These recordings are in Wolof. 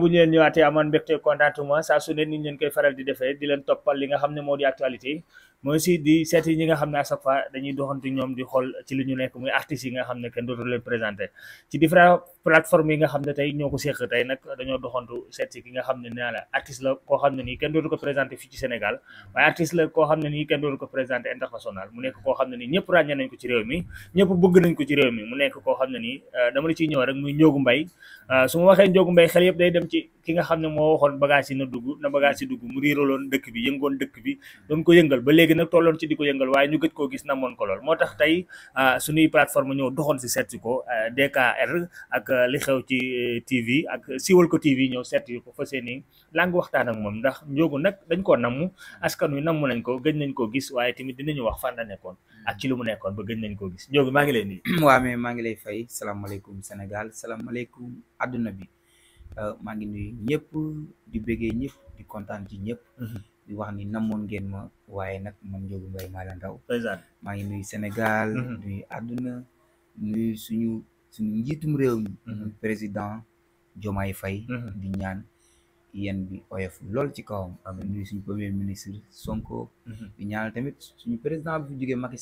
bu ñu leen ñëwaatee amoon mbégte kontaantuma saa su ne ni ñu leen koy faral di defee di leen toppal li nga xam ne moo di actualité mais aussi di seeti ñi nga xam ne à chaque fois dañuy doxantu ñoom di xool ci li ñu nekk muy artistes yi nga xam ne kenn dootu leen présenté ko séq tey nag dañoo doxantu seet si ki nga xam ne nee la artiste la koo xam ne nii kenn dootu ko présenté fii ci Sénégal waaye la présenté international mu nekk koo xam ne nii ñëpp ràññee nañ ko ci réew mi ñëpp bëgg nañ ko ci réew mi mu nekk koo xam ne nii eh, dama la ñëw rek muy Ndiogou Mbaye eh, su ma waxee Ndiogou Mbaye xel yëpp day dem ci ki nga xam ne moo waxoon bagage yi na dugg na bagage yi dugg mu riiraloon dëkk bi yëngoon dëkk bi doon ko yëngal ba léegi nag tolloon ci di ko yëngal waaye ñu gëj koo gis namoon ko lool moo tax tey euh, suñuy plateforme ñëw doxoon si seet ko euh, DKR ak euh, li xew ci TV ak siwal ko TV ñëw seet yi ko fas yéene laa waxtaan ak moom ndax njóogu nag dañ koo namm hmm. askan wi namm nañ ko gëj nañ koo gis waaye tamit dinañu wax fan la nekkoon ak ci lu mu nekkoon ba gëj nañ koo gis njóogu maa ngi leen nuyu. Hmm. waaw mais maa ngi lay fay salaamaaleykum Sénégal salaamaaleykum àdduna bi Euh, maa ngi nuyu ñëpp di bëggee ñëpp di kontaan ci ñëpp mhm. di wax ni namoon ngeen ma waaye nag man Ndiogou Mbaye maa leen raw ngi nuyu Sénégal mhm. nuyu àdduna nuyu suñu suñu njiitum réew mhm. président Diomaye fay di ñaan yéen bi oyof lool ci kawam nuyu suñu premier ministre Sonko di ñaanal tamit suñu président bi fi jógee Macky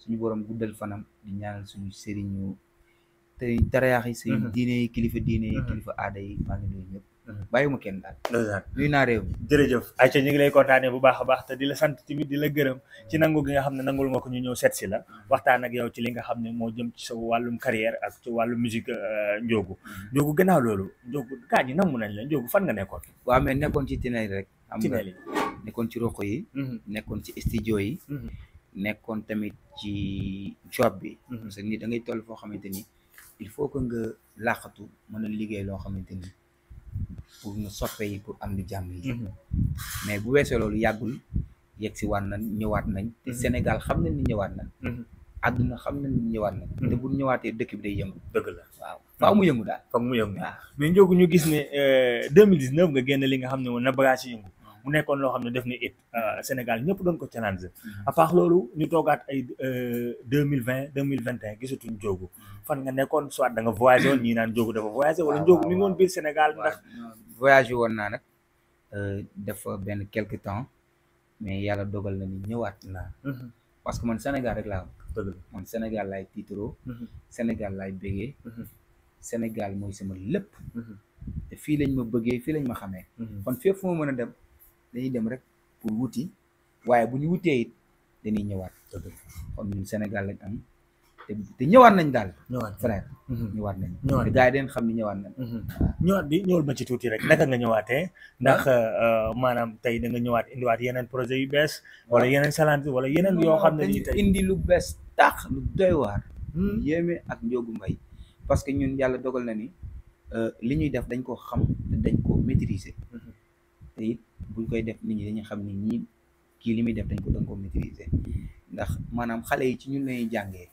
suñu borom guddal fanam di ñaanal suñu sëriñu te darayaax yi seen mhm. diine yi kilifa diine yi mhm. kilifa aada yi maa ngi nuyu ñëpp mhm. bàyyiwuma kenn daal nuyu naa réew mi jërëjëf ayca ñu ngi lay kontaanee bu baax a baax te di la sant tamit di la gërëm ci nangu gi nga xam ne nangul nga ko ñu ñëw seet si la waxtaan ak yaw ci li nga xam ne moo jëm ci sa wàllum carrière ak ci wàllum musique Ndiogou euh, Ndiogou gannaaw loolu Ndiogou gaa ñi namm nañ la Ndiogou fan nga nekkoon waaw mais nekkoon ci tinel rek am nga nekkoon ci roq yi nekkoon ci studio yi nekkoon tamit ci job bi parce que ni da ngay toll foo ni il faut que nga làqatu mën a liggéey loo xamante ni pour ñu soppe yi pour am di jàmm yi mhm. mais bu weesee loolu yàggul yegg si waat na ñëwaat nañ te mhm. Sénégal xam nañ ni ñëwaat nañ mhm. àdduna xam nañ ni ñëwaat nañ te bu ñëwaatee dëkk bi day yëngu dëgg la waaw faaw mu yëngu daal faaw mu yëngu waaw mais ñu gis ne 2019 euh, nga génn li nga xam ne woon na bagage yëngu mu nekkoon loo xam ne def na it euh, Sénégal ñëpp doon ko challenge mhm. à part loolu ñu toogaat ay euh, deux mille vingt deux mille vingt et un gisatuñ Ndiogou mhm. fan nga nekkoon soit da nga voyagé woon ñii naan Ndiogou dafa voyagé wala ah, Ndiogou mi ngi woon biir Sénégal ndax voyagé woon naa nag euh, dafa benn quelque temps mais yàlla dogal na ni ñëwaat naa mhm. parce que man Sénégal rek laa man Sénégal laay tiitaroo Sénégal laay bégee mooy sama lépp te fii lañ ma bëggee fii lañ ma xamee kon fépp fu ma dañuy dem rek pour wuti waaye bu ñu wutee it dañuy ñëwaat. kon te te ñëwaat nañ daal. ñëwaat frère. Mhm. ñëwaat nañ. ñëwaat te gars yi dañ xam ne ñëwaat nañ. Mhm. ñëwaat bi ñëwal ma ci tuuti rek naka nga ñëwaatee. Ah. ndax euh, maanaam tey danga ñëwaat indiwaat yeneen projet yu bees. Ah. wala yeneen salante wala yeneen yoo xam ne nii tey indi lu bees tax lu doy waar. Hmm. yéeme ak njóogu mbay parce que ñun yàlla dogal na ni euh, li ñuy def dañ ko xam dañ ko maîtriser. Mhm. te it buñ koy def nit dañu xam ni ñii li muy def dañ ko dañ ko maîtriser ndax maanaam xale yi ci ñun lay jàngee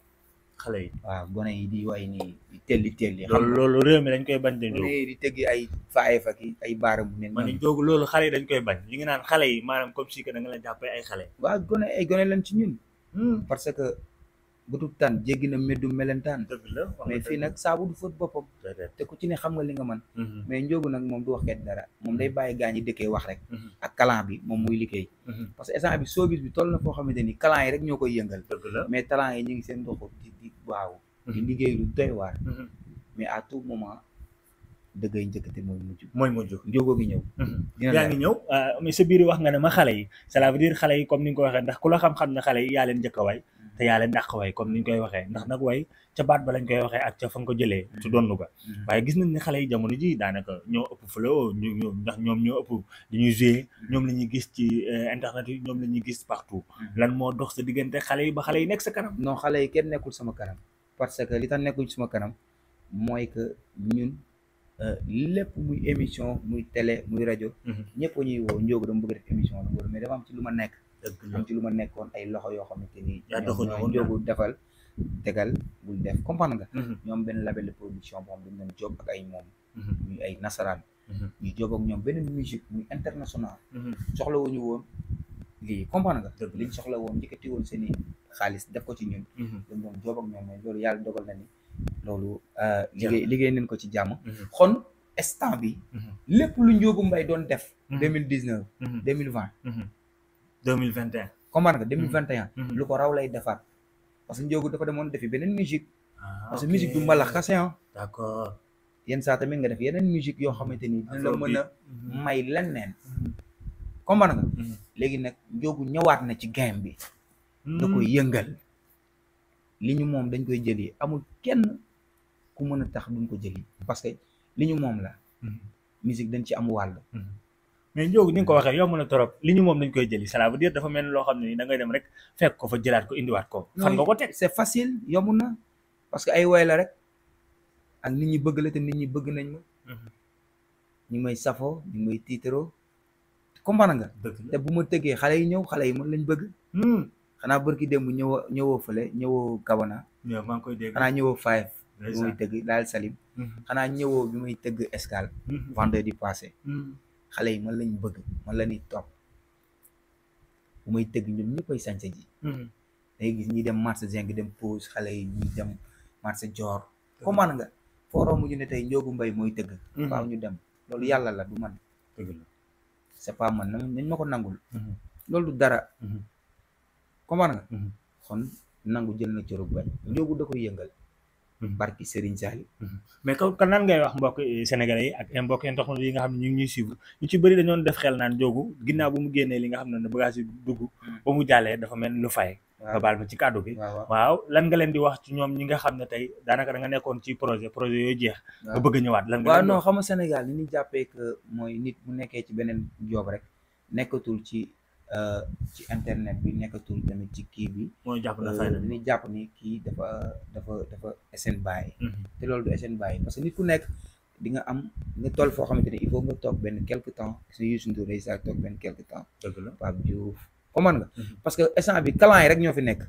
xale yi waaw gone yi di way ni telli telli loolu loolu réew mi dañ koy bañ de jóg di tëggi ay faaye faki ay baara bu ne man jóg loolu xale yi dañ koy bañ ñu ngi naan xale yi maanaam comme si que da nga leen jàppee ay xale waaw gone ay lañ ci ñun hmm. parce que bëtub tànn jéggi na meddu melentaan mais fii nag saabu du fóot boppam te ku ci ne xam nga li nga mën mhm. mais njóogu nag moom du wax kenn dara moom day mhm. bàyyi gaa ñi dëkkee wax rek mhm. ak kalan moom muy liggéey parce que instant bi soobis bi toll na foo xamante ni kalan yi rek ñoo koy yëngal mais talent yi ñu ngi seen ndoxu di di waaw liggéey lu doy waar mais à tout moment dëggay njëkkate mooy mujj mooy mujj njóogoo gi ñëw yaa ngi ñëw ah, sa biir wax nga ne ma xale yi ça veut dire xale yi comme ni nga ko waxee ndax ku la xam-xam ne xale yi yaa leen njëkk waay te yàlla leen dàq way comme ni ñu koy waxee ndax nag way ca baat ba lañ koy waxee ak ca fa nga ko jëlee su donnu ga waaye gis nañ ni xale yi jamono ji daanaka ñoo ëpp fële ñu ñu ndax ñoom ñoo ëpp di ñuy mm-hmm. ñoom la ñuy gis ci euh, internet yi ñoom la ñuy gis partout mm-hmm. lan moo dox sa diggante xale yi ba xale yi nekk sa kanam non xale yi kenn nekkul sama kanam parce que li tax nekkul sama kanam mooy que ñun euh, lépp muy émission muy télé muy rajo mm-hmm. ñëpp ñuy woo njóogu dama bëgg def émission la mais dafa am ci lu ma nekk am ci lu ma nekkoon ay loxo yoo xamante ni ñoom jógu ah. defal tegal bul def comprendre nga mhm. ñoom benn label de production boo xam dañ doon jóg ak ay moom mhm. ñuy ay nasaraan mhm. ñu jóg ak ñoom beneen musique muy international soxlawuñu woon lii comprendre nga liñ soxla woon njëkkati woon seen i xaalis def ko ci ñun dañ doon jóg ak ñoom mais loolu yàlla dogal na ni loolu euh, liggéey liggéey nañ ko ci jàmm xon instant bi lépp lu Ndiogou Mbaye doon def deux mille dix neuf 2021. comprendre nga 2021. lu ko raw lay defar. parce que Ndiogou dafa demoon defi beneen musique. Ah, parce que musique du ya. kase ah. d'accord yenn saa tamit nga def yeneen musique yoo xamante ni dina la mën a may leneen. comprendre nga. léegi nag Ndiogou ñëwaat na ci game bi. da koy hmm. yëngal. li ñu moom dañ koy jëli amul kenn ku mën tax duñ ko jëli parce que li ñu la. Hmm. musique dañ ci am wàll mais njoogu ni nga ko waxe yomb na torop li ñu mom dañ koy jëli cela veut dire dafa mel lo xamni da ngay dem rek fekk ko fa jëlat ko indi wat ko fan nga ko tek c'est facile yomb na parce que ay way la rek ak nit ñi bëgg la te nit ñi bëgg nañ ma mhm. ñi may safo ñi may titero comprendre nga te bu ma tëggee xale yi ñew xalé yi man lañ bëgg hmm xanaa bërki démb ñewo ñëwoo fële ñëwoo Kawana xanaa ñëwoo Five bi may tëgg daal Salim mhm. xanaa ñëwoo bi may tëgg Escale mhm. vendredi passé hmm. xale yi man lañ bëgg ma la ñuy topp bu may tëgg ñoom ñëppay sañse ji hmm. dangay gis ñi dem marché zinc dem pause xale yi ñi dem marché joor comment nga forom ñu ne tey njoogu mbay mooy tëgg hmm. faaw ñu dem loolu yàlla la du man c'est pas man nañ ma ko nangul hmm. loolu du dara comment nga kon nangu jël na cëru bañ njoogu da koy yëngal Mm-hmm. barki Serigne Sall. Mm-hmm. mais kon kon nan ngay wax mbokk sénégalais yi ak mbokk internautes yi nga xam ne ñu ngi ñuy suivre ñu ci bëri dañoon def xel naan jógu ginnaaw bu mu génnee li nga xam ne bagage yi dugg. Mm-hmm. ba mu jàllee dafa mel lu fay. nga baal ma ci kàddu gi. waaw lan nga leen di wax ci ñoom ñi nga xam ne tey daanaka da nga nekkoon ci projet projet yooyu jeex. nga bëgg ñëwaat lan nga. waaw non xam nga Sénégal li jàppee que mooy nit bu nekkee ci beneen job rek nekkatul ci. Euh, ci internet bi nekkatul tamit ci kii bi. mooy jàpp na euh, fayda dañuy jàpp ni kii dafa dafa dafa SN bàyyi. Mhm. te loolu du SN bàyyi parce que nit ku nekk di nga am nga toll foo xamante ne il faut nga toog benn quelque temps su Youssou Ndour day saa toog benn quelque temps. la Pape Diouf comment mhm. parce que instant bi clan yi rek ñoo fi nekk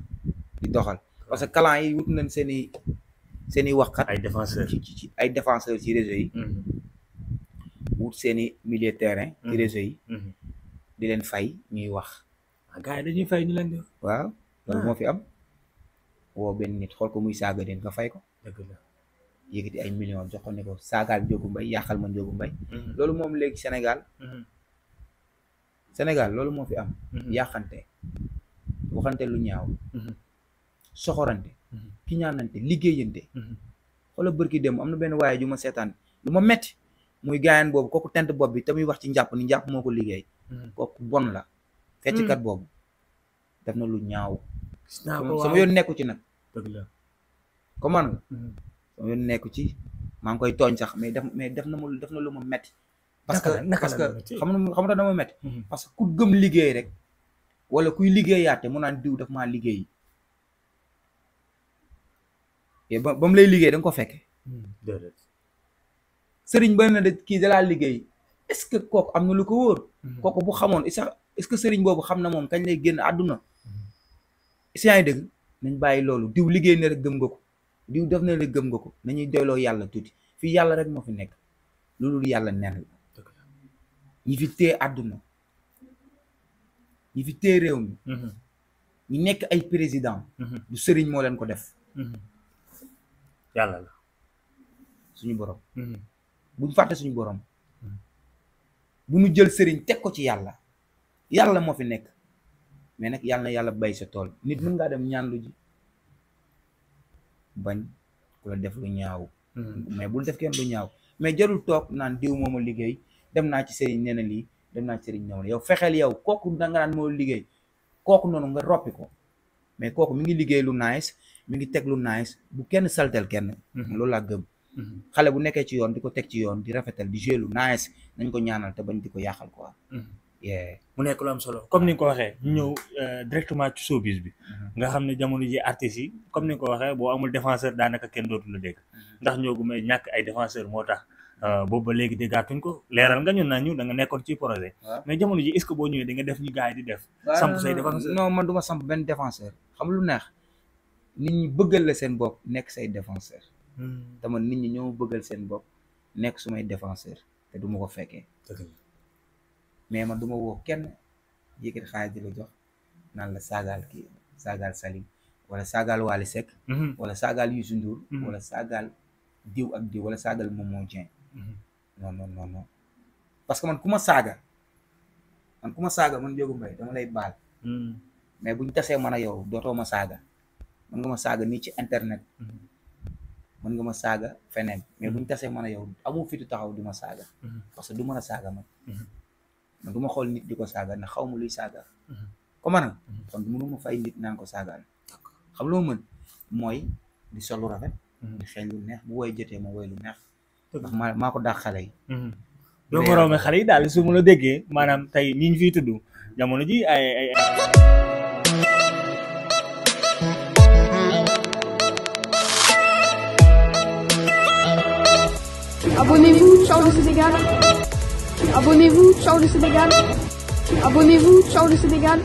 di doxal. parce que clan yi wut nañ seen i seen i waxkat. ay défenseurs ci ci ay défenseurs ci réseau yi. Mhm. wut seen i milieu terrain. ci réseau yi. di leen fay ñuy wax. ah ñu leen di. waaw loolu moo ah. fi am. woo benn nit xool ko muy saaga den fay ko. dëgg la ay millions jox ko ne ko saagaal Ndiogou Mbaye yàqal ma Ndiogou Mbaye. Mm-hmm. loolu moom léegi Sénégal. Mm-hmm. Sénégal loolu moo fi am. Mm-hmm. yàqante waxante lu ñaaw. soxorante. ki ñaanante liggéeyante. wala bërki dem am na benn waaye ju ma seetaan lu ma metti muy gaayaan boobu kooku tent bopp bi te muy wax ci njàpp ni njàpp moo ko liggéey. Hmm. kooku bon la hmm. fecckat boobu def na lu ñaaw sama yoon nekku ci nag commande hmm. sama yoon nekku ci maa ngi koy tooñ sax mais def mais def na ma def na lu ma metti parce que parce que xam na xam na dama que ku gëm liggéey rek wala kuy liggéeyaat mu naan diw daf maa liggéey ba ba mu lay liggéey da ko fekke sëriñ ba na de kii da liggéey est-ce que kooku am na lu ko wóor. Mhm. kooku bu xamoon est-ce que sëriñ boobu xam na moom kañ lay génn àdduna. Mhm. si yaa ngi nañ bàyyi loolu diw liggéey na rek gëm nga ko diw def na rek gëm nga ko nañuy doyloo yàlla tuuti fii yàlla rek moo fi nekk loolu yàlla nen la. ñi fi téye àdduna ñi fi téye réew mhm. ñi nekk ay président. du sëriñ moo leen ko def. yàlla la. suñu borom. buñ fàtte suñu borom. bu nu jël sëriñ teg ko ci yàlla yàlla moo fi nekk mais nag yàlla yàlla bay sa tool nit mën ngaa dem ñaan lu ji bañ ku la def lu ñaaw hmm. mais bul def kenn lu ñaaw mais jarul toog naan diw moo ma liggéey dem naa ci sëriñ nee na dem naa ci sëriñ ñëw na yow fexeel yow kooku danga naan moo liggéey kooku noonu nga roppi ko mais kooku mu ngi liggéey lu nice mi ngi teg lu nice bu kenn saltel kenn hmm. loolu laa gëm Mhm. xale bu nekkee ci yoon di ko teg ci yoon di rafetal di jouer lu nice nañ ko ñaanal te bañ di ko yàqal quoi. Mhm. mu nekk lu am solo comme ni ko waxee ñu ñëw euh, directement bi mhm. nga xam ne jamono ji artistes ni ko waxee boo amul défenseur daanaka kenn dootu la moo tax euh, boobu ko leeral ñu da nga nekkoon ci projet mais jamono ji est-ce que boo ñëwee da nga def seen bopp nekk say défenseur te man nit ñi ñoo bëggal seen bopp nekk sumay défenseur te duma ko fekkee mais man du ma woo kenn yëkkati xaalis di la jox naan la saagaal kii saagaal Salim wala saagaal Waly Seck mhm. wala saagaal Youssou Ndour mhm. wala saagaal diw ak diw wala saagaal Momo Dieng mhm. non non non non parce que man ku ma saaga man ku ma saaga man Ndiogou Mbaye dama lay baal mais buñ tasee man a yow dootoo ma saaga man nga ma saaga nii ci internet mën nga ma saaga feneen mais mhm. buñ tasee man a yow amoo fitu taxaw di ma saaga mhm. parce que du mën a saaga man mhm. man du ma xool nit di ko saaga ndax xaw ma luy saaga comment nag kon du mënuma fay nit naan ko saagaal xam loo mën mooy di sol lu rafet xeeñ lu neex bu woy jotee ma woy lu neex ndax maa maa ko daax xale yi doo moroome xale yi daal su ma la déggee maanaam tey ñi ñu fiy jamono ji ay Abonnez-vous, ciao le Sénégal. Abonnez-vous, ciao le Sénégal. Abonnez-vous, ciao le Sénégal.